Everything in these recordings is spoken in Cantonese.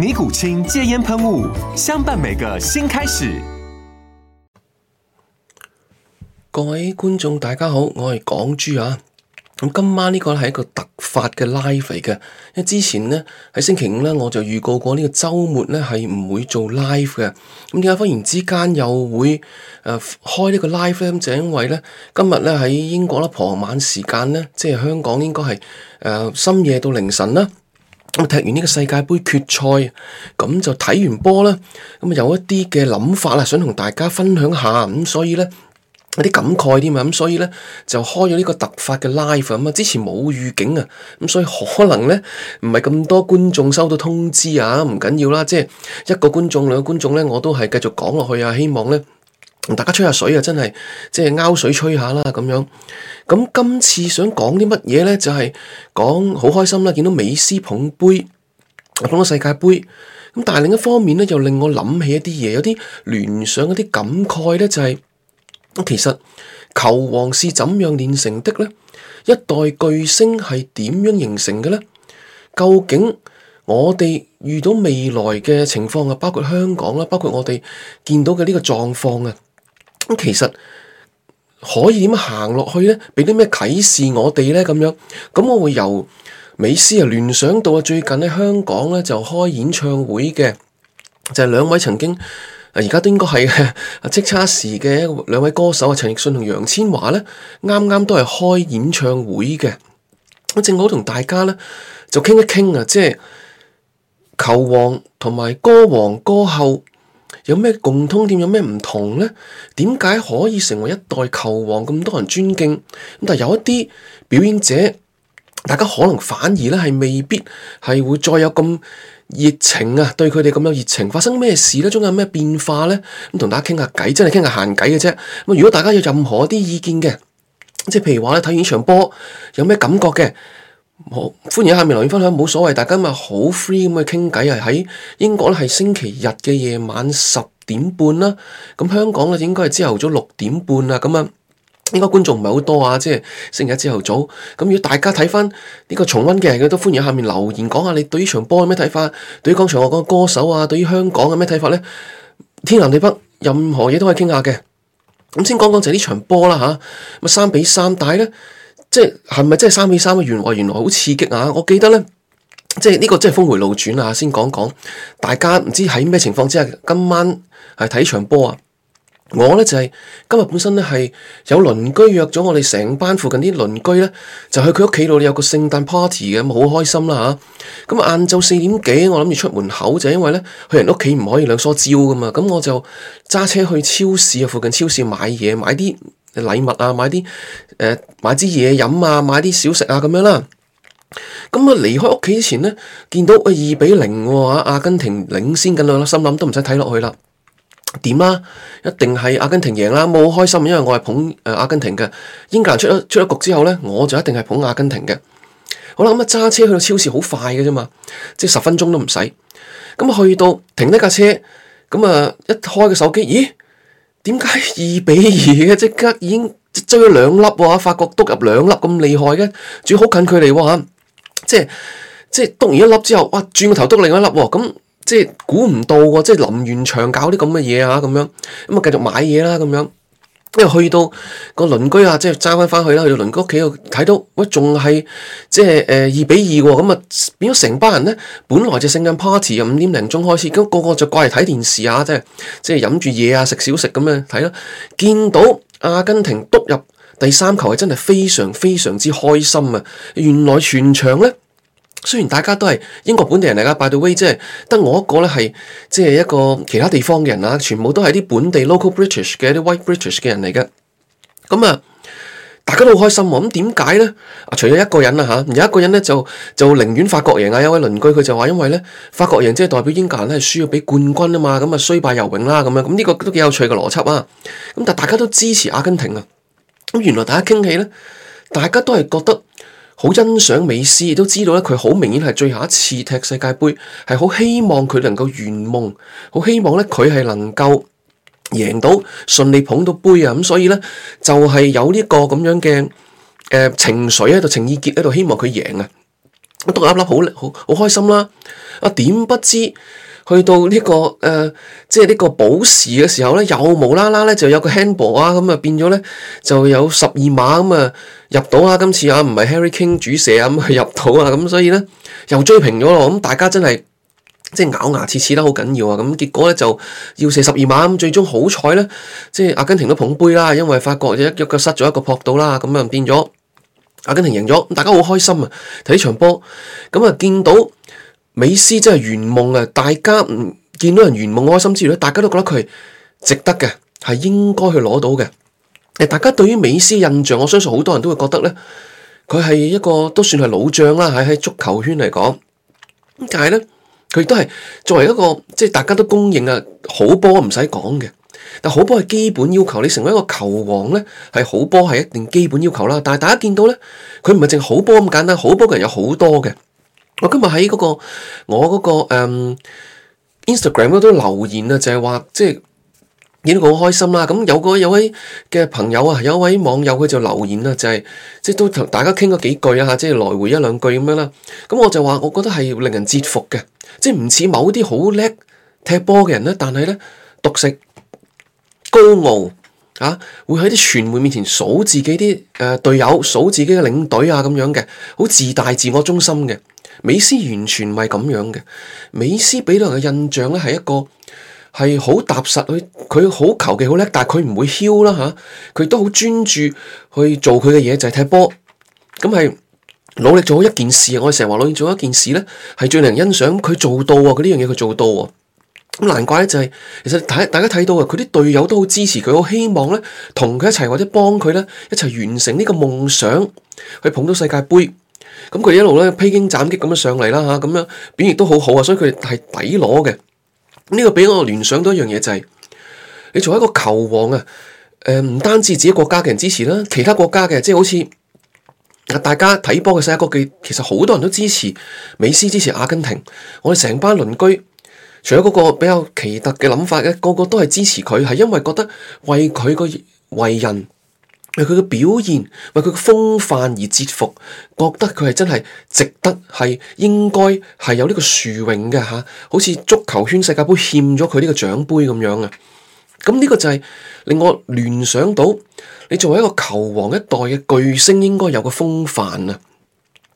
尼古清戒煙噴霧，相伴每個新開始。各位觀眾大家好，我係港珠啊。今晚呢個係一個突發嘅 live 嚟嘅，因為之前呢，喺星期五呢，我就預告過呢個周末呢係唔會做 live 嘅。咁點解忽然之間又會誒、呃、開呢個 live 呢？就因為呢，今日呢喺英國啦，傍晚時間呢，即係香港應該係誒、呃、深夜到凌晨啦。踢完呢個世界杯決賽，咁就睇完波啦。咁有一啲嘅諗法啦，想同大家分享下。咁所以呢，有啲感慨添嘛。咁所以呢，就開咗呢個突發嘅 live。咁啊，之前冇預警啊，咁所以可能呢，唔係咁多觀眾收到通知啊。唔緊要啦，即係一個觀眾兩個觀眾呢，我都係繼續講落去啊。希望呢。大家吹下水啊！真係即係拗水吹下啦，咁樣。咁今次想講啲乜嘢呢？就係講好開心啦，見到美斯捧杯，捧到世界杯。咁但係另一方面呢，又令我諗起一啲嘢，有啲聯想，一啲感慨呢。就係，其實球王是怎樣練成的呢？一代巨星係點樣形成嘅呢？究竟我哋遇到未來嘅情況啊，包括香港啦，包括我哋見到嘅呢個狀況啊？咁其實可以點行落去呢，俾啲咩啟示我哋呢？咁樣，咁我會由美斯啊，聯想到啊最近喺香港呢就開演唱會嘅，就係、是、兩位曾經而家都應該係即差時嘅兩位歌手啊，陳奕迅同楊千嬅呢啱啱都係開演唱會嘅。咁正好同大家呢就傾一傾啊，即係球王同埋歌王歌后。有咩共通點？有咩唔同呢？點解可以成為一代球王，咁多人尊敬咁？但係有一啲表演者，大家可能反而咧，係未必係會再有咁熱情啊，對佢哋咁有熱情。發生咩事咧？中間有咩變化呢？咁同大家傾下偈，真係傾下閒偈嘅啫。咁如果大家有任何一啲意見嘅，即係譬如話咧睇完場波有咩感覺嘅？好，歡迎下面留言分享，冇所謂，大家咪好 free 咁去傾偈啊！喺英國咧係星期日嘅夜晚十點半啦，咁香港咧應該係朝頭早六點半啦，咁啊，應該觀眾唔係好多啊，即係星期一朝頭早，咁如果大家睇翻呢個重温嘅，佢都歡迎下面留言講下你對於呢場波有咩睇法，對於剛才我講嘅歌手啊，對於香港有咩睇法呢？天南地北，任何嘢都可以傾下嘅。咁先講講就係呢場波啦嚇，咁三比三大呢。即係咪即係三比三啊？原來原來好刺激啊！我記得呢，即係呢、這個真係峰回路轉啊！先講講大家唔知喺咩情況之下，今晚係睇場波啊！我呢就係、是、今日本身呢係有鄰居約咗我哋成班附近啲鄰居呢，就去佢屋企度有個聖誕 party 嘅，咁好開心啦、啊、嚇！咁晏晝四點幾，我諗住出門口就因為呢，去人屋企唔可以兩梳蕉噶嘛，咁我就揸車去超市啊，附近超市買嘢買啲。禮物啊，買啲誒、呃、買支嘢飲啊，買啲小食啊咁樣啦。咁啊離開屋企之前呢，見到二比零喎、啊啊，阿根廷領先緊兩粒，心諗都唔使睇落去啦。點啊？一定係阿根廷贏啦！冇好開心，因為我係捧、呃、阿根廷嘅。英格蘭出咗出咗局之後呢，我就一定係捧阿根廷嘅。好啦，咁啊揸車去到超市好快嘅啫嘛，即係十分鐘都唔使。咁、嗯、去到停低架車，咁、嗯、啊一開個手機，咦？點解二比二嘅？啊、即刻已經追咗兩粒喎？法國篤入兩粒咁厲害嘅，仲要好近距離喎、啊、即係即係篤完一粒之後，哇！轉個頭篤另一粒、啊，咁即係估唔到，即係臨完場搞啲咁嘅嘢啊！咁樣咁啊，繼、嗯、續買嘢啦、啊，咁樣。即係去到個鄰居啊，即係揸翻翻去啦，去到鄰居屋企度睇到，喂，仲係即係誒二比二，哦，咁啊變咗成班人咧，本來就聖誕 party 啊五點零鐘開始，咁個個就過嚟睇電視啊，即係即係飲住嘢啊，食小食咁樣睇啦，見到阿根廷篤入第三球係真係非常非常之開心啊！原來全場咧。雖然大家都係英國本地人嚟噶，by the way 即係得我一個咧係即係一個其他地方嘅人啦，全部都係啲本地 local British 嘅啲 White British 嘅人嚟嘅。咁啊，大家都好開心喎、啊。咁點解呢？啊，除咗一個人啦、啊、吓、啊，有一個人呢就就寧願法國贏啊！有位鄰居佢就話，因為呢法國贏即係代表英格蘭係輸咗俾冠軍啊嘛，咁啊衰敗游泳啦咁樣、啊。咁呢個都幾有趣嘅邏輯啊。咁、啊啊、但大家都支持阿根廷啊。咁、啊啊、原來大家傾起呢，大家都係覺得。好欣賞美斯，亦都知道咧，佢好明顯係最後一次踢世界盃，係好希望佢能夠圓夢，好希望咧佢係能夠贏到，順利捧到杯啊！咁所以咧，就係、是、有呢個咁樣嘅誒、呃、情緒喺度，情意結喺度，希望佢贏啊！我篤粒粒，好好好開心啦！啊，點不知去到呢、這個誒、呃，即係呢個補時嘅時候咧，又無啦啦咧，就有個 Handball 啊，咁啊變咗咧，就有十二碼咁啊入到啊！今次啊唔係 Harry King 主射啊，咁去入到啊，咁所以咧又追平咗咯。咁大家真係即係咬牙切齒得好緊要啊！咁結果咧就要射十二碼，咁最終好彩咧，即係阿根廷都捧杯啦，因為法國一腳腳失咗一個撲到啦，咁啊又變咗。阿根廷贏咗，大家好開心啊！睇場波，咁啊見到美斯真係圓夢啊！大家唔見到人圓夢開心之餘咧，大家都覺得佢係值得嘅，係應該去攞到嘅。誒，大家對於美斯印象，我相信好多人都會覺得咧，佢係一個都算係老將啦，喺喺足球圈嚟講。咁但係咧，佢亦都係作為一個即係大家都公認啊好波唔使講嘅。但好波係基本要求，你成為一個球王呢，係好波係一定基本要求啦。但係大家見到呢，佢唔係淨好波咁簡單，好波嘅人有好多嘅。我今日喺嗰個我嗰、嗰個、um, Instagram 嗰度留言啊，就係話即係見到好開心啦。咁有個有位嘅朋友啊，有位網友佢就留言啦，就係即係都同大家傾咗幾句啊，即係來回一兩句咁樣啦。咁我就話我覺得係令人折服嘅，即係唔似某啲好叻踢波嘅人呢，但係呢。獨食。高傲啊，會喺啲傳媒面前數自己啲誒隊友，數自己嘅領隊啊，咁樣嘅，好自大、自我中心嘅。美斯完全唔係咁樣嘅，美斯俾到人嘅印象咧係一個係好踏實，佢佢好求其好叻，但係佢唔會囂啦吓，佢、啊、都好專注去做佢嘅嘢，就係、是、踢波。咁係努力做好一件事，我哋成日話努力做一件事咧，係最令人欣賞。佢做到啊，佢呢樣嘢佢做到啊。咁難怪咧、就是，就係其實大大家睇到啊，佢啲隊友都好支持佢，好希望咧同佢一齊或者幫佢咧一齊完成呢個夢想，去捧到世界杯。咁、嗯、佢一路咧披荊斬棘咁樣上嚟啦吓，咁、啊、樣表現都好好啊，所以佢係抵攞嘅。呢、這個俾我聯想到一樣嘢就係、是，你做一個球王啊，誒、呃、唔單止自己國家嘅人支持啦，其他國家嘅即係好似大家睇波嘅世界各地，其實好多人都支持美斯，支持阿根廷，我哋成班鄰居。除咗嗰個比較奇特嘅諗法嘅，個個都係支持佢，係因為覺得為佢個為人、為佢嘅表現、為佢嘅風範而折服，覺得佢係真係值得，係應該係有呢個殊榮嘅吓，啊，好似足球圈世界杯欠咗佢呢個獎杯咁樣啊！咁呢個就係令我聯想到，你作為一個球王一代嘅巨星，應該有個風範啊！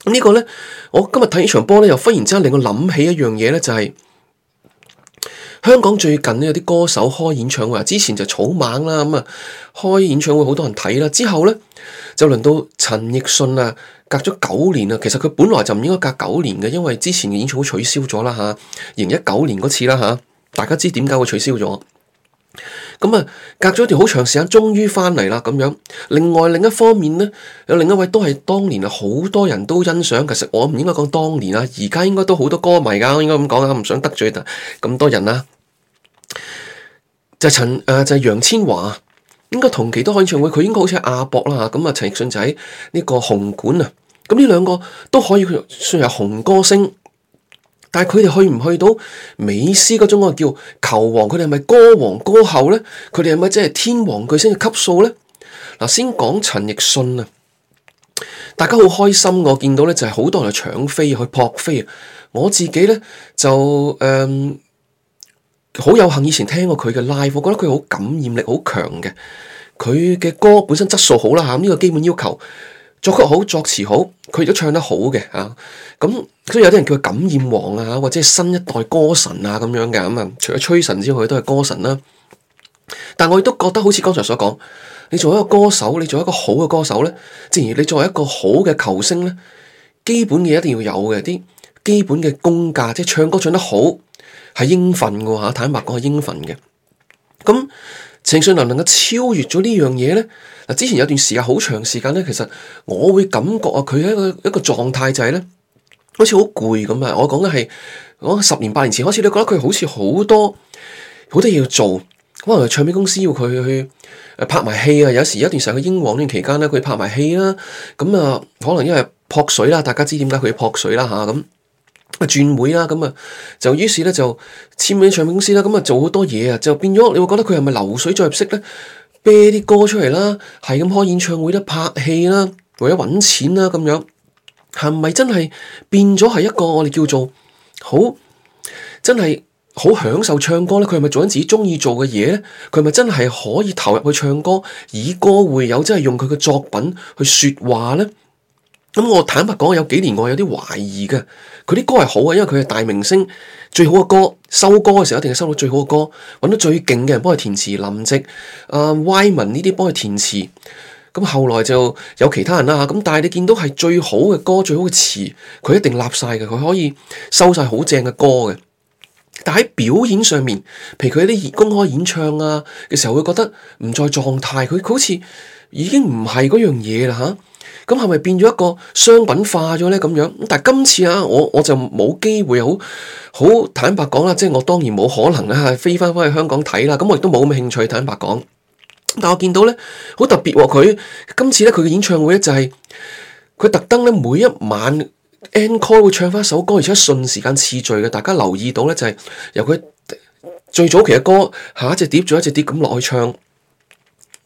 咁呢個呢，我今日睇呢場波呢，又忽然之間令我諗起一樣嘢呢，就係。香港最近有啲歌手開演唱會，之前就草蜢啦咁開演唱會好多人睇啦。之後呢，就輪到陳奕迅啊，隔咗九年啊。其實佢本來就唔應該隔九年嘅，因為之前嘅演唱會取消咗啦吓，二零、啊、一九年嗰次啦吓、啊，大家知點解會取消咗？咁啊，隔咗條好長時間，終於翻嚟啦咁樣。另外另一方面呢，有另一位都係當年好多人都欣賞。其實我唔應該講當年啊，而家應該都好多歌迷㗎，我應該咁講啊，唔想得罪咁多人啊。就陳誒、呃，就楊、是、千嬅，應該同期都開演唱會，佢應該好似亞博啦吓。咁、嗯、啊，陳奕迅就喺呢個紅館啊。咁、嗯、呢兩個都可以算係紅歌星，但係佢哋去唔去到美斯嗰種嘅叫球王？佢哋係咪歌王歌后咧？佢哋係咪即係天王巨星嘅級數咧？嗱，先講陳奕迅啊，大家好開心，我見到咧就係、是、好多人搶飛去撲飛，我自己咧就誒。嗯好有幸以前聽過佢嘅 live，我覺得佢好感染力好強嘅。佢嘅歌本身質素好啦吓，呢、這個基本要求作曲好作詞好，佢亦都唱得好嘅吓。咁、啊、所以有啲人叫佢感染王啊，或者新一代歌神啊咁樣嘅咁啊。除咗吹神之外，佢都係歌神啦、啊。但我亦都覺得好似剛才所講，你做一個歌手，你做一個好嘅歌手呢，正如你作為一個好嘅球星呢，基本嘅嘢一定要有嘅，啲基本嘅功架，即係唱歌唱得好。係應份嘅，坦白講係應份嘅。咁情緒能唔能夠超越咗呢樣嘢呢？嗱，之前有段時間好長時間呢，其實我會感覺啊，佢一個一個狀態就係呢，好似好攰咁啊。我講嘅係我十年八年前開始，你覺得佢好似好多好多嘢要做，可能唱片公司要佢去、啊、拍埋戲啊。有時有一段時間去英皇呢段期間呢，佢拍埋戲啦。咁啊，可能因為撲水啦，大家知點解佢要撲水啦吓咁。啊轉會啦，咁啊就於是咧就簽約唱片公司啦，咁啊做好多嘢啊，就變咗你會覺得佢係咪流水再入息咧？啤啲歌出嚟啦，係咁開演唱會啦、拍戲啦，或者揾錢啦，咁樣係咪真係變咗係一個我哋叫做好真係好享受唱歌咧？佢係咪做緊自己中意做嘅嘢咧？佢係咪真係可以投入去唱歌，以歌會友即係用佢嘅作品去說話咧？咁、嗯、我坦白講，有幾年我有啲懷疑嘅。佢啲歌係好嘅，因為佢係大明星，最好嘅歌收歌嘅時候一定係收到最好嘅歌，揾到最勁嘅人幫佢填詞，林夕、Wyman 呢啲幫佢填詞。咁、嗯、後來就有其他人啦。咁、嗯、但係你見到係最好嘅歌，最好嘅詞，佢一定立晒嘅，佢可以收晒好正嘅歌嘅。但喺表演上面，譬如佢啲公開演唱啊嘅時候，會覺得唔在狀態，佢好似已經唔係嗰樣嘢啦嚇。啊咁係咪變咗一個商品化咗呢？咁樣，但係今次啊，我我就冇機會好好坦白講啦，即係我當然冇可能啦，係，飛翻翻去香港睇啦，咁我亦都冇咁興趣坦白講。但我見到呢，好特別喎，佢今次呢，佢嘅演唱會呢，就係佢特登呢每一晚 encore 會唱翻首歌，而且順時間次序嘅，大家留意到呢，就係由佢最早期嘅歌下一隻碟再一隻碟咁落去唱。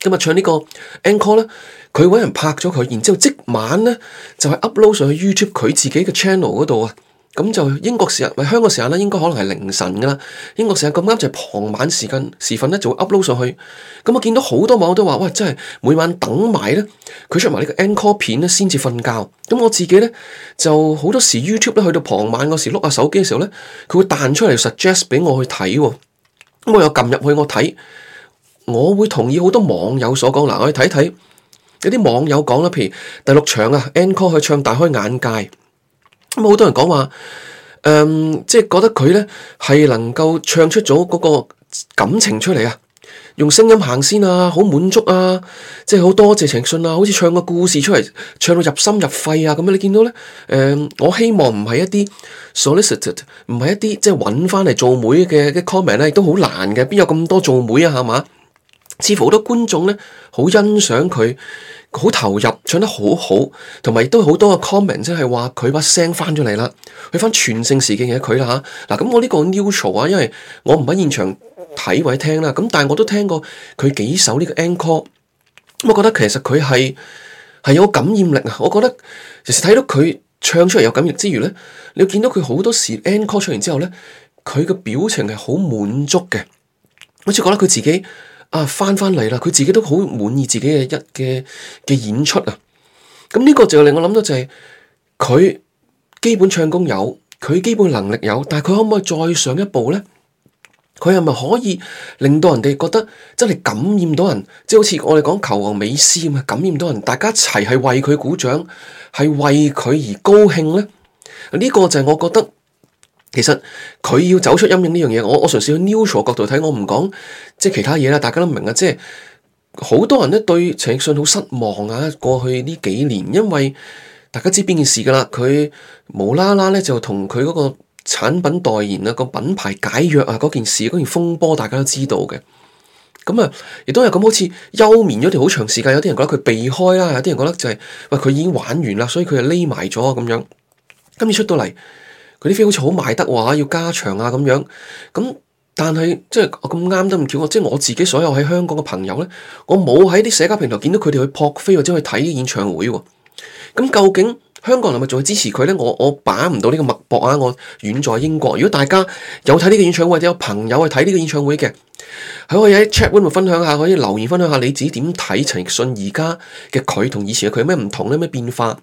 今日唱呢個 encore 咧。佢揾人拍咗佢，然之後即晚呢，就係 upload 上去 YouTube 佢自己嘅 channel 嗰度啊。咁就英國時間咪、哎、香港時間咧，應該可能係凌晨噶啦。英國時間咁啱就係、是、傍晚時間時分呢，就會 upload 上去。咁我見到好多網友都話：喂，真係每晚等埋呢，佢出埋呢個 encore 片咧，先至瞓覺。咁我自己呢，就好多時 YouTube 咧去到傍晚嗰時碌下手機嘅時候呢，佢會彈出嚟 suggest 俾我去睇、哦。咁我又撳入去我睇，我會同意好多網友所講嗱，我去睇睇。有啲網友講啦，譬如第六場啊，encore 去唱大開眼界，咁好多人講話，誒、嗯，即、就、係、是、覺得佢咧係能夠唱出咗嗰個感情出嚟啊，用聲音行先啊，好滿足啊，即係好多謝情信啊，好似唱個故事出嚟，唱到入心入肺啊，咁啊你見到咧，誒、嗯，我希望唔係一啲 solicited，唔係一啲即係揾翻嚟做媒嘅嘅 comment 咧，亦都好難嘅，邊有咁多做媒啊，係嘛？似乎好多觀眾咧好欣賞佢，好投入，唱得好好，同埋亦都好多 comment 即係話佢把聲翻咗嚟啦，去翻全盛時嘅嘢佢啦嚇。嗱咁我呢個 neutral 啊，啊 neutral，因為我唔喺現場睇或者聽啦，咁、啊、但係我都聽過佢幾首呢個 encore，咁我覺得其實佢係係有感染力啊！我覺得，其實睇到佢唱出嚟有感染力之餘咧，你要見到佢好多時 encore 出完之後咧，佢嘅表情係好滿足嘅，好似覺得佢自己。啊，翻翻嚟啦！佢自己都好滿意自己嘅一嘅嘅演出啊！咁、嗯、呢、呢個就令我諗到就係、是、佢基本唱功有，佢基本能力有，但係佢可唔可以再上一步呢？佢係咪可以令到人哋覺得真係感染到人？即係好似我哋講球王美斯咁啊，感染到人，大家一齊係為佢鼓掌，係為佢而高興呢？呢、呢個就係我覺得。其實佢要走出陰影呢樣嘢，我我嘗試去 neutral 角度睇，我唔講即係其他嘢啦。大家都明啊，即係好多人咧對陳奕迅好失望啊。過去呢幾年，因為大家知邊件事噶啦，佢無啦啦咧就同佢嗰個產品代言啊、個品牌解約啊嗰件事、嗰件風波，大家都知道嘅。咁啊，亦都係咁好似休眠咗條好長時間，有啲人覺得佢避開啦、啊，有啲人覺得就係、是、喂佢已經玩完啦，所以佢就匿埋咗咁樣。今次出到嚟。佢啲飛好似好賣得喎，要加場啊咁樣，咁但係即係咁啱得唔巧，即係我,我自己所有喺香港嘅朋友呢，我冇喺啲社交平台見到佢哋去撲飛或者去睇演唱會喎、啊。咁究竟香港人係咪仲會支持佢呢？我我把唔到呢個脈搏啊！我遠在英國。如果大家有睇呢個演唱會或者有朋友去睇呢個演唱會嘅，可以喺 chat room 分享下，可以留言分享下你自己點睇陳奕迅而家嘅佢同以前嘅佢有咩唔同咧？咩變化？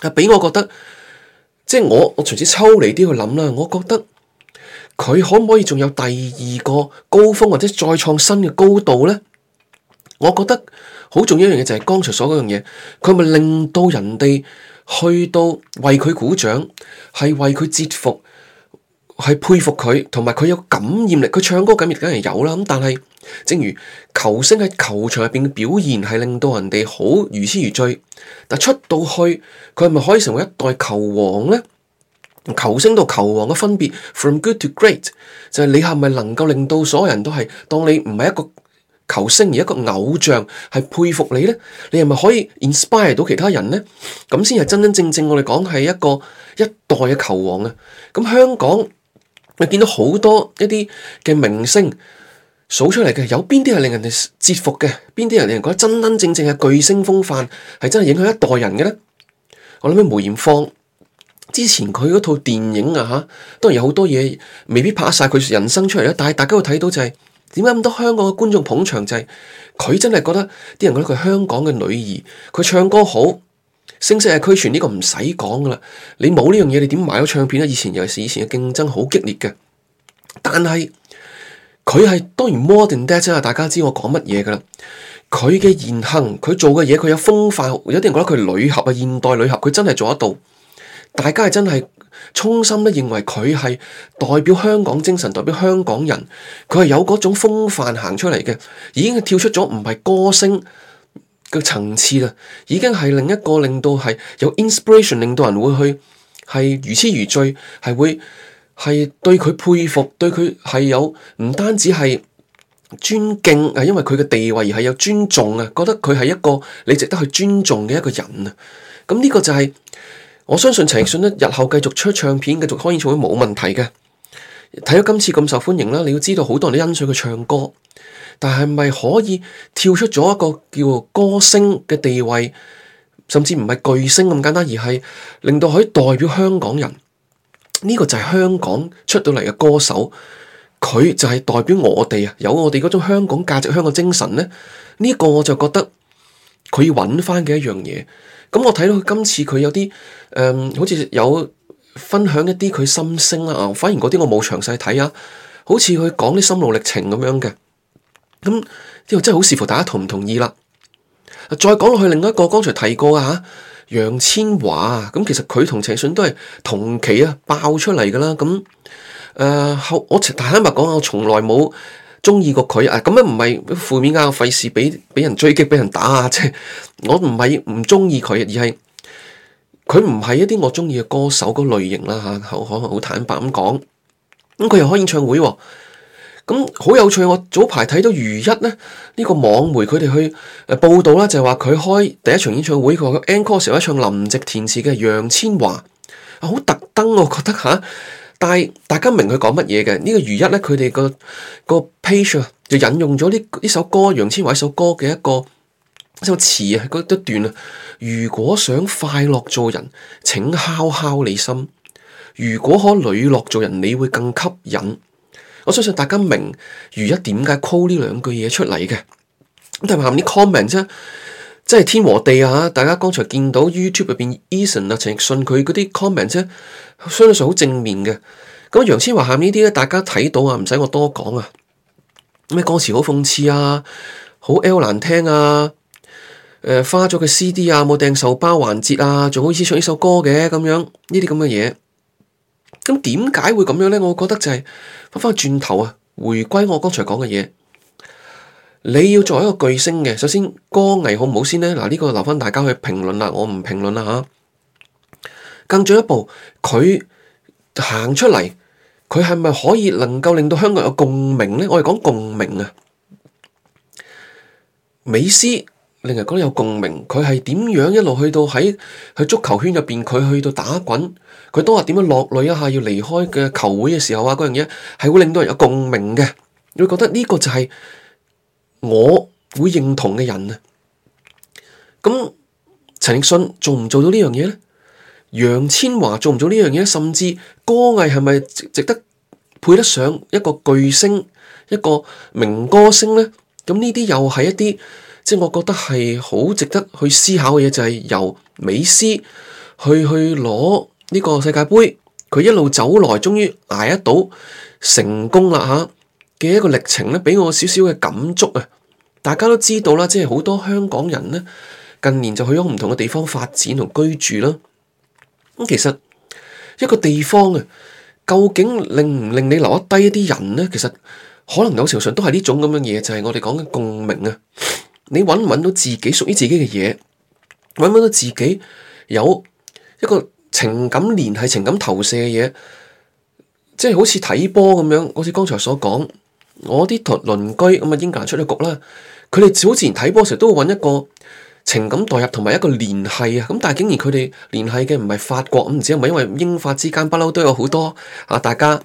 啊，俾我覺得。即係我，我從此抽離啲去諗啦。我覺得佢可唔可以仲有第二個高峰，或者再創新嘅高度咧？我覺得好重要一樣嘢就係剛才所講樣嘢，佢係咪令到人哋去到為佢鼓掌，係為佢折服。係佩服佢，同埋佢有感染力。佢唱歌感染力有，梗係有啦。咁但係，正如球星喺球場入邊嘅表現，係令到人哋好如痴如醉。但出到去，佢係咪可以成為一代球王呢？球星到球王嘅分別，from good to great，就係你係咪能夠令到所有人都係？當你唔係一個球星而一個偶像，係佩服你呢？你係咪可以 inspire 到其他人呢？咁先係真真正正，我哋講係一個一代嘅球王啊！咁香港。你見到好多一啲嘅明星數出嚟嘅，有邊啲係令人哋折服嘅？邊啲人令人覺得真真正正嘅巨星風範係真係影響一代人嘅咧？我諗起梅艷芳之前佢嗰套電影啊嚇，當然有好多嘢未必拍晒佢人生出嚟咧，但係大家會睇到就係點解咁多香港嘅觀眾捧場就係、是、佢真係覺得啲人覺得佢係香港嘅女兒，佢唱歌好。聲色係俱全呢、呢個唔使講噶啦，你冇呢樣嘢你點賣到唱片咧？以前尤其是以前嘅競爭好激烈嘅，但係佢係當然摩登 dancing 啊，大家知我講乜嘢噶啦。佢嘅言行，佢做嘅嘢，佢有風範，有啲人覺得佢女俠啊，現代女俠，佢真係做得到。大家係真係衷心咧認為佢係代表香港精神，代表香港人，佢係有嗰種風範行出嚟嘅，已經係跳出咗唔係歌聲。個層次啦，已經係另一個令到係有 inspiration，令到人會去係如癡如醉，係會係對佢佩服，對佢係有唔單止係尊敬，係因為佢嘅地位而係有尊重啊，覺得佢係一個你值得去尊重嘅一個人啊。咁、嗯、呢、呢個就係、是、我相信陳奕迅咧，日後繼續出唱片，繼續開演唱會冇問題嘅。睇咗今次咁受歡迎啦，你要知道好多人都欣賞佢唱歌。但係咪可以跳出咗一個叫歌星嘅地位，甚至唔係巨星咁簡單，而係令到可以代表香港人？呢、這個就係香港出到嚟嘅歌手，佢就係代表我哋啊，有我哋嗰種香港價值，香港精神咧。呢、這個我就覺得佢要揾翻嘅一樣嘢。咁、嗯、我睇到佢今次佢有啲誒、嗯，好似有分享一啲佢心聲啦。啊，反而嗰啲我冇詳細睇啊，好似佢講啲心路歷程咁樣嘅。咁又真係好視乎大家同唔同意啦。再講落去，另一個剛才提過啊，楊千嬅啊，咁其實佢同陳奕迅都係同期啊爆出嚟噶啦。咁、啊、誒，後我坦坦白講，我從來冇中意過佢啊。咁樣唔係負面啊，費事俾俾人追擊，俾人打啊。即係我唔係唔中意佢，而係佢唔係一啲我中意嘅歌手嗰類型啦。吓、啊，好可能好，好坦白咁講。咁、啊、佢又開演唱會、啊。咁好有趣，我早排睇到余一咧呢、這個網媒佢哋去誒報道啦，就話、是、佢開第一場演唱會，佢話佢 encore 時一唱林夕填詞嘅楊千嬅，好特登、啊、我覺得吓、啊，但係大家明佢講乜嘢嘅？呢、這個余一咧，佢哋個個 page 啊，就引用咗呢呢首歌楊千嬅一首歌嘅一個一首詞啊，嗰一段啊，如果想快樂做人，請敲敲你心；如果可磊落做人，你會更吸引。我相信大家明如一點解 call 呢兩句嘢出嚟嘅，但係下面啲 comment 啫，即係天和地啊！大家剛才見到 YouTube 入邊 Eason 啊、陳奕迅佢嗰啲 comment 啫，相信好正面嘅。咁楊千嬅下面呢啲咧，大家睇到啊，唔使我多講啊，咩歌詞好諷刺啊，好 l l 難聽啊，誒、呃，花咗嘅 CD 啊，冇掟壽包環節啊，仲好意思唱呢首歌嘅咁、啊、樣，呢啲咁嘅嘢。咁點解會咁樣呢？我覺得就係翻翻轉頭啊，回歸我剛才講嘅嘢，你要作為一個巨星嘅，首先歌藝好唔好先呢？嗱，呢個留翻大家去評論啦，我唔評論啦吓。更進一步，佢行出嚟，佢係咪可以能夠令到香港有共鳴呢？我係講共鳴啊！美斯令人覺得有共鳴，佢係點樣一路去到喺喺足球圈入邊，佢去到打滾。佢都話點樣落淚一下，要離開嘅球會嘅時候啊，嗰樣嘢係會令到人有共鳴嘅，你會覺得呢個就係我會認同嘅人啊。咁陳奕迅做唔做到呢樣嘢咧？楊千嬅做唔做呢樣嘢？甚至歌藝係咪值得配得上一個巨星、一個名歌星呢？咁呢啲又係一啲即係我覺得係好值得去思考嘅嘢，就係、是、由美斯去去攞。呢個世界盃，佢一路走來，終於捱得到成功啦！嚇嘅一個歷程咧，俾我少少嘅感觸啊。大家都知道啦，即係好多香港人咧，近年就去咗唔同嘅地方發展同居住啦。咁其實一個地方啊，究竟令唔令你留得低一啲人咧？其實可能有時候上都係呢種咁嘅嘢，就係我哋講嘅共鳴啊。你揾唔揾到自己屬於自己嘅嘢？揾唔揾到自己有一個情感聯繫、情感投射嘅嘢，即係好似睇波咁樣。好似剛才所講，我啲同鄰居咁啊，英格蘭出咗局啦，佢哋早前睇波時都會揾一個情感代入同埋一個聯繫啊。咁但係竟然佢哋聯繫嘅唔係法國咁，唔知係咪因為英法之間不嬲都有好多啊，大家誒、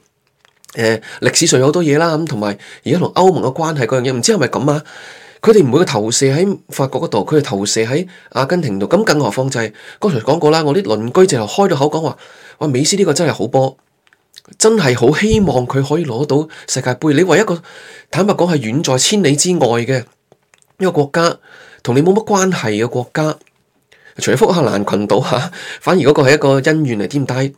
呃、歷史上有好多嘢啦咁，同埋而家同歐盟嘅關係嗰樣嘢，唔知係咪咁啊？佢哋唔會投射喺法國嗰度，佢哋投射喺阿根廷度。咁更何況就係剛才講過啦，我啲鄰居直頭開咗口講話，哇，美斯呢個真係好波，真係好希望佢可以攞到世界盃。你為一個坦白講係遠在千里之外嘅一個國家，同你冇乜關係嘅國家，除咗福克蘭群島嚇、啊，反而嗰個係一個恩怨嚟添。但係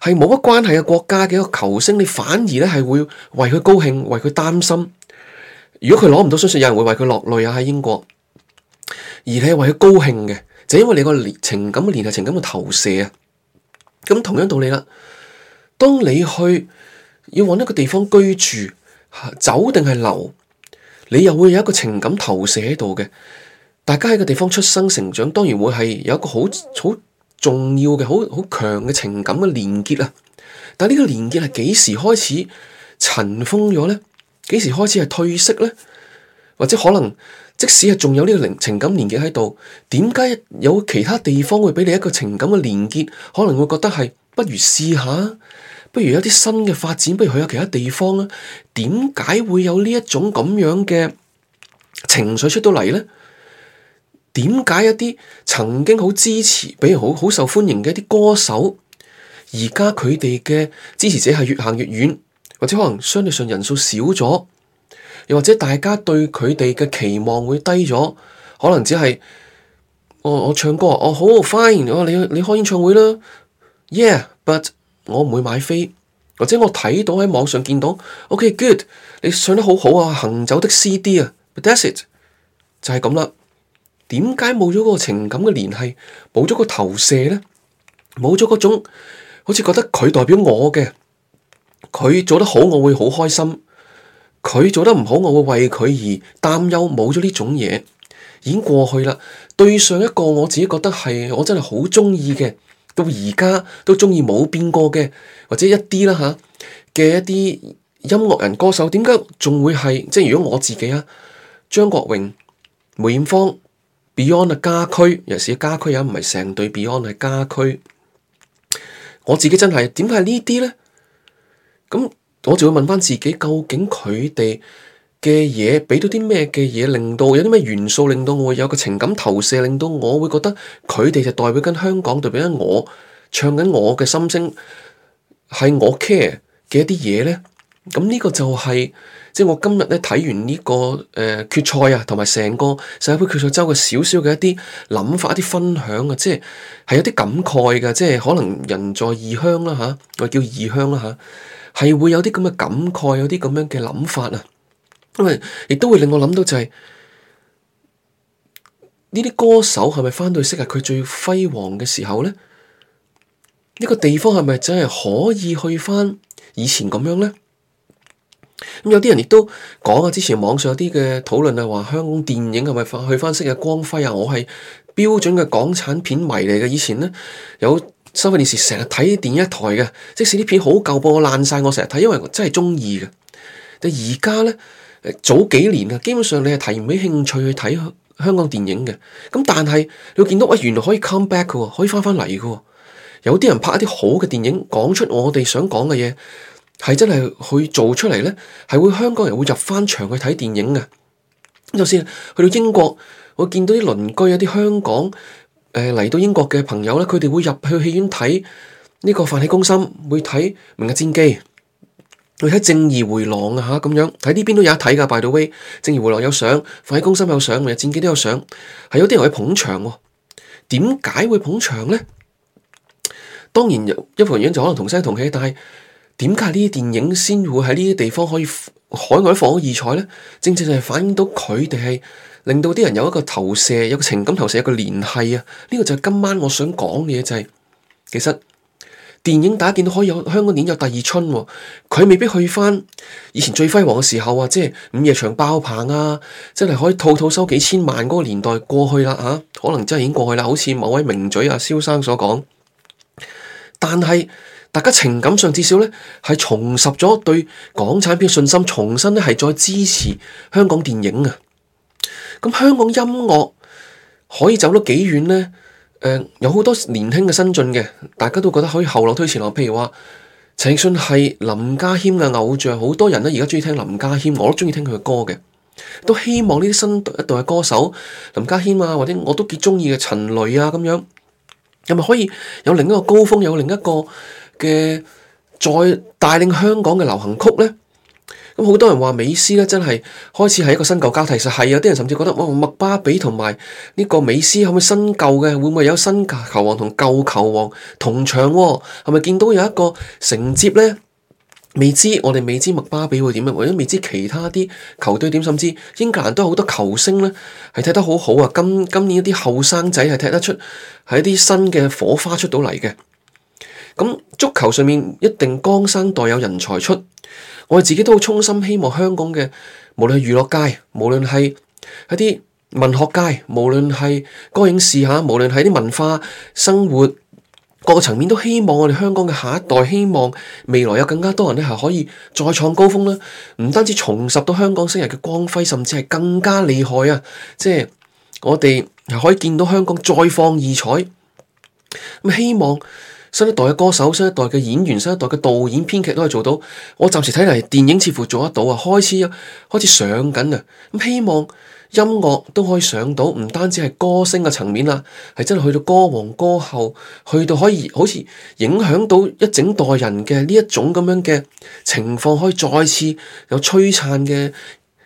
係冇乜關係嘅國家嘅一個球星，你反而咧係會為佢高興，為佢擔心。如果佢攞唔到獎賞，有人會為佢落淚啊！喺英國，而你係為佢高興嘅，就因為你個情感嘅連繫、情感嘅投射啊。咁同樣道理啦，當你去要揾一個地方居住，走定係留，你又會有一個情感投射喺度嘅。大家喺個地方出生、成長，當然會係有一個好好重要嘅、好好強嘅情感嘅連結啊。但係呢個連結係幾時開始塵封咗咧？幾時開始係褪色呢？或者可能即使係仲有呢個靈情感連結喺度，點解有其他地方會畀你一個情感嘅連結？可能會覺得係不如試下，不如有啲新嘅發展，不如去下其他地方啦。點解會有呢一種咁樣嘅情緒出到嚟呢？點解一啲曾經好支持，比如好好受歡迎嘅一啲歌手，而家佢哋嘅支持者係越行越遠？或者可能相對上人數少咗，又或者大家對佢哋嘅期望會低咗，可能只係我、哦、我唱歌哦好 fine，我、哦、你你開演唱會啦，yeah，but 我唔會買飛，或者我睇到喺網上見到，ok good，你唱得好好啊，行走的 CD 啊，but that's it，就係咁啦。點解冇咗個情感嘅聯繫，冇咗個投射呢？冇咗嗰種好似覺得佢代表我嘅？佢做得好，我會好開心；佢做得唔好，我會為佢而擔憂。冇咗呢種嘢，已經過去啦。對上一個我自己覺得係我真係好中意嘅，到而家都中意冇變過嘅，或者一啲啦吓嘅一啲音樂人歌手，點解仲會係？即係如果我自己啊，張國榮、梅艷芳、Beyond 嘅家駒，尤其是家駒啊，唔係成對 Beyond 係家駒。我自己真係點解呢啲咧？咁我就會問翻自己，究竟佢哋嘅嘢俾到啲咩嘅嘢，令到有啲咩元素，令到我有個情感投射，令到我會覺得佢哋就代表緊香港，代表緊我唱緊我嘅心聲，係我 care 嘅一啲嘢呢？咁呢個就係、是、即係我今日咧睇完呢、這個誒、呃、決賽啊，同埋成個世界杯決賽周嘅少少嘅一啲諗法、一啲分享啊，即係係有啲感慨噶，即係可能人在異鄉啦吓，我叫異鄉啦吓。係會有啲咁嘅感慨，有啲咁樣嘅諗法啊，因為亦都會令我諗到就係呢啲歌手係咪翻到昔日佢最輝煌嘅時候咧？呢個地方係咪真係可以去翻以前咁樣咧？咁有啲人亦都講啊，之前網上有啲嘅討論啊，話香港電影係咪翻去翻昔日光輝啊？我係標準嘅港產片迷嚟嘅，以前咧有，收睇電視成日睇電影一台嘅，即使啲片好舊播爛晒，我成日睇，因為我真係中意嘅。但而家呢，早幾年呀，基本上你係提唔起興趣去睇香港電影嘅。咁但係，你會見到啊，原來可以 come back 嘅，可以翻翻嚟嘅。有啲人拍一啲好嘅電影，講出我哋想講嘅嘢，係真係去做出嚟呢，係會香港人會入翻場去睇電影嘅。就算、是、去到英國，我見到啲鄰居有啲香港。誒嚟到英國嘅朋友咧，佢哋會入去戲院睇呢個《飯戲攻心》，會睇、啊《明日戰記》，會睇《正義迴廊》啊嚇咁樣，喺呢邊都有得睇㗎。By the way，《正義迴廊》有上，《飯戲攻心》有上，《明日戰記》都有上。係有啲人去捧場喎。點解會捧場咧、哦？當然一部分原因就可能同聲同氣，但係點解呢啲電影先會喺呢啲地方可以海外放異彩咧？正正就係反映到佢哋係。令到啲人有一個投射，有個情感投射，有個聯繫啊！呢、這個就係今晚我想講嘅嘢，就係、是、其實電影大家見到可以有香港電影有第二春、啊，佢未必去翻以前最輝煌嘅時候啊！即係午夜場爆棚啊，即係可以套套收幾千萬嗰個年代過去啦嚇、啊，可能真係已經過去啦。好似某位名嘴啊蕭生所講，但係大家情感上至少呢，係重拾咗對港產片嘅信心，重新呢係再支持香港電影啊！咁香港音樂可以走得幾遠呢？呃、有好多年輕嘅新進嘅，大家都覺得可以後浪推前浪。譬如話陳奕迅係林家謙嘅偶像，好多人而家中意聽林家謙，我都中意聽佢嘅歌嘅。都希望呢啲新一代嘅歌手，林家謙啊，或者我都幾中意嘅陳蕾啊，咁樣，係咪可以有另一個高峰，有另一個嘅再帶領香港嘅流行曲呢？好多人話美斯咧，真係開始係一個新舊交替。其實係有啲人甚至覺得，哇，麥巴比同埋呢個美斯可唔可以新舊嘅？會唔會有新球王同舊球王同場？係咪見到有一個承接咧？未知我哋未知麥巴比會點樣，或者未知其他啲球隊點？甚至英格蘭都有好多球星咧，係踢得好好啊！今今年啲後生仔係踢得出，係一啲新嘅火花出到嚟嘅。咁足球上面一定江山代有人才出，我哋自己都好衷心希望香港嘅無論係娛樂界，無論係一啲文學界，無論係歌影視吓，無論係一啲文化生活各個層面，都希望我哋香港嘅下一代，希望未來有更加多人咧係可以再創高峰啦！唔單止重拾到香港昔日嘅光輝，甚至係更加厲害啊！即係我哋係可以見到香港再放異彩咁，希望。新一代嘅歌手、新一代嘅演員、新一代嘅導演、編劇都可以做到。我暫時睇嚟，電影似乎做得到啊，開始啊，開始上緊啊。咁希望音樂都可以上到，唔單止係歌星嘅層面啦，係真係去到歌王歌后，去到可以好似影響到一整代人嘅呢一種咁樣嘅情況，可以再次有璀璨嘅。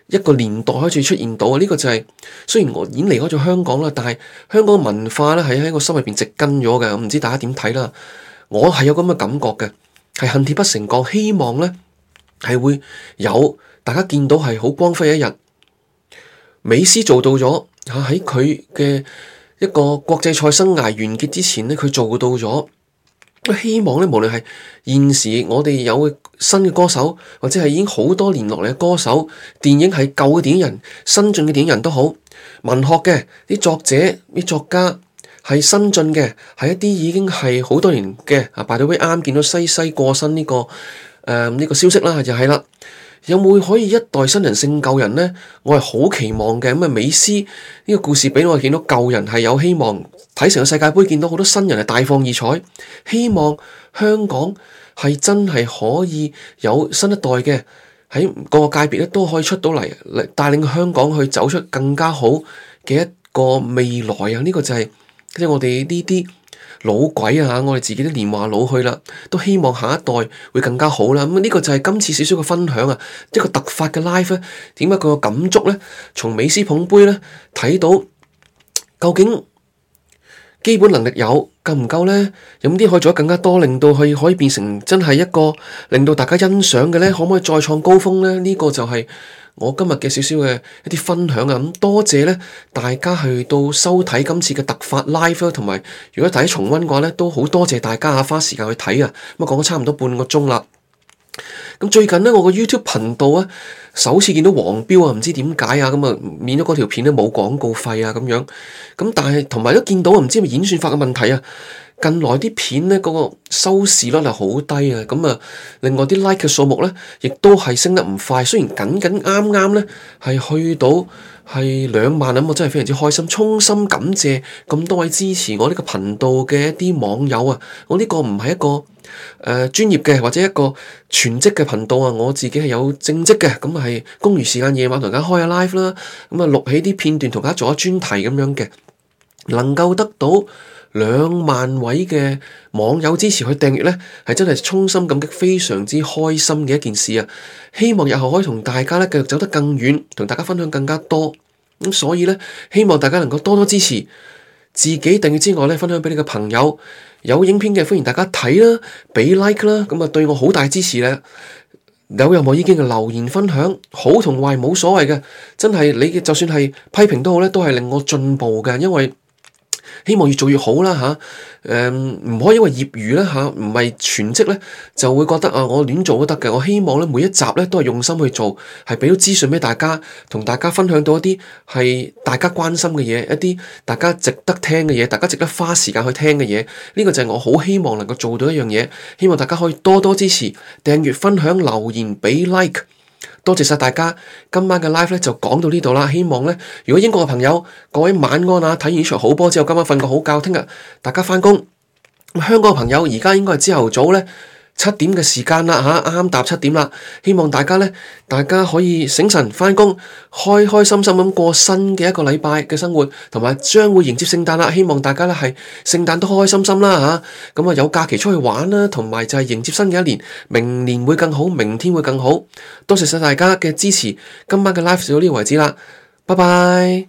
一個年代開始出現到啊，呢個就係，雖然我已經離開咗香港啦，但係香港文化呢係喺我心入邊植根咗嘅，我唔知大家點睇啦？我係有咁嘅感覺嘅，係恨鐵不成鋼，希望呢係會有大家見到係好光輝一日。美斯做到咗吓，喺佢嘅一個國際賽生涯完結之前呢，佢做到咗。希望咧，無論係現時我哋有嘅新嘅歌手，或者係已經好多年落嚟嘅歌手；電影係舊嘅電影人，新進嘅電影人都好；文學嘅啲作者、啲作家係新進嘅，係一啲已經係好多年嘅。啊，by the way 啱見到西西過身呢、呢個誒呢、呃呢個消息啦，就係、是、啦。有冇可以一代新人勝舊人咧？我係好期望嘅。咁啊，美斯呢個故事俾我見到舊人係有希望。睇成個世界杯，見到好多新人係大放異彩，希望香港係真係可以有新一代嘅，喺各個界別咧，都可以出到嚟嚟帶領香港去走出更加好嘅一個未來啊！呢、這個就係即係我哋呢啲老鬼啊吓，我哋自己都年華老去啦，都希望下一代會更加好啦。咁、嗯、呢、這個就係今次少少嘅分享啊，一個突發嘅 live 咧、啊，點解佢嘅感觸咧？從美斯捧杯咧睇到究竟？基本能力有夠唔夠呢？有冇啲可以做得更加多，令到佢可以變成真係一個令到大家欣賞嘅呢？可唔可以再創高峰呢？呢個就係我今日嘅少少嘅一啲分享啊！咁多謝呢大家去到收睇今次嘅特發 live 同埋，如果大家重温嘅話呢，都好多謝大家啊，花時間去睇啊！咁啊，講咗差唔多半個鐘啦。咁最近呢，我個 YouTube 頻道啊，首次見到黃標啊，唔知點解啊，咁啊免咗嗰條片咧冇廣告費啊，咁樣，咁但係同埋都見到唔知係咪演算法嘅問題啊，近來啲片呢，嗰個收視率係好低啊，咁啊，另外啲 like 嘅數目呢，亦都係升得唔快，雖然僅僅啱啱呢，係去到。係兩萬咁，我真係非常之開心，衷心感謝咁多位支持我呢個頻道嘅一啲網友啊！我呢個唔係一個誒、呃、專業嘅或者一個全職嘅頻道啊，我自己係有正職嘅，咁係公餘時間夜晚同大家開下 live 啦，咁啊錄起啲片段同大家做下專題咁樣嘅，能夠得到。兩萬位嘅網友支持佢訂閱呢係，真係衷心感激，非常之開心嘅一件事啊！希望日後可以同大家呢繼續走得更遠，同大家分享更加多。咁、嗯、所以呢，希望大家能夠多多支持自己訂閱之外呢，分享俾你嘅朋友。有影片嘅歡迎大家睇啦，畀 like 啦，咁啊對我好大支持呢，有任何意見嘅留言分享，好同壞冇所謂嘅，真係你嘅就算係批評都好呢，都係令我進步㗎，因為。希望越做越好啦，吓、啊，誒，唔可以因為業餘啦，吓、啊，唔係全職咧，就會覺得啊，我亂做都得嘅。我希望咧，每一集咧都係用心去做，係俾咗資訊俾大家，同大家分享到一啲係大家關心嘅嘢，一啲大家值得聽嘅嘢，大家值得花時間去聽嘅嘢。呢、這個就係我好希望能夠做到一樣嘢，希望大家可以多多支持、訂閱、分享、留言、俾 like。多謝晒大家，今晚嘅 live 咧就講到呢度啦。希望咧，如果英國嘅朋友各位晚安啊，睇完呢場好波之後，今晚瞓個好覺，聽日大家翻工。香港嘅朋友，而家應該係朝頭早咧。七點嘅時間啦吓，啱啱踏七點啦，希望大家咧，大家可以醒神返工，開開心心咁過新嘅一個禮拜嘅生活，同埋將會迎接聖誕啦。希望大家咧係聖誕都開開心心啦吓，咁啊、嗯、有假期出去玩啦，同埋就係迎接新嘅一年，明年會更好，明天會更好。多謝晒大家嘅支持，今晚嘅 live 就到呢個為止啦，拜拜。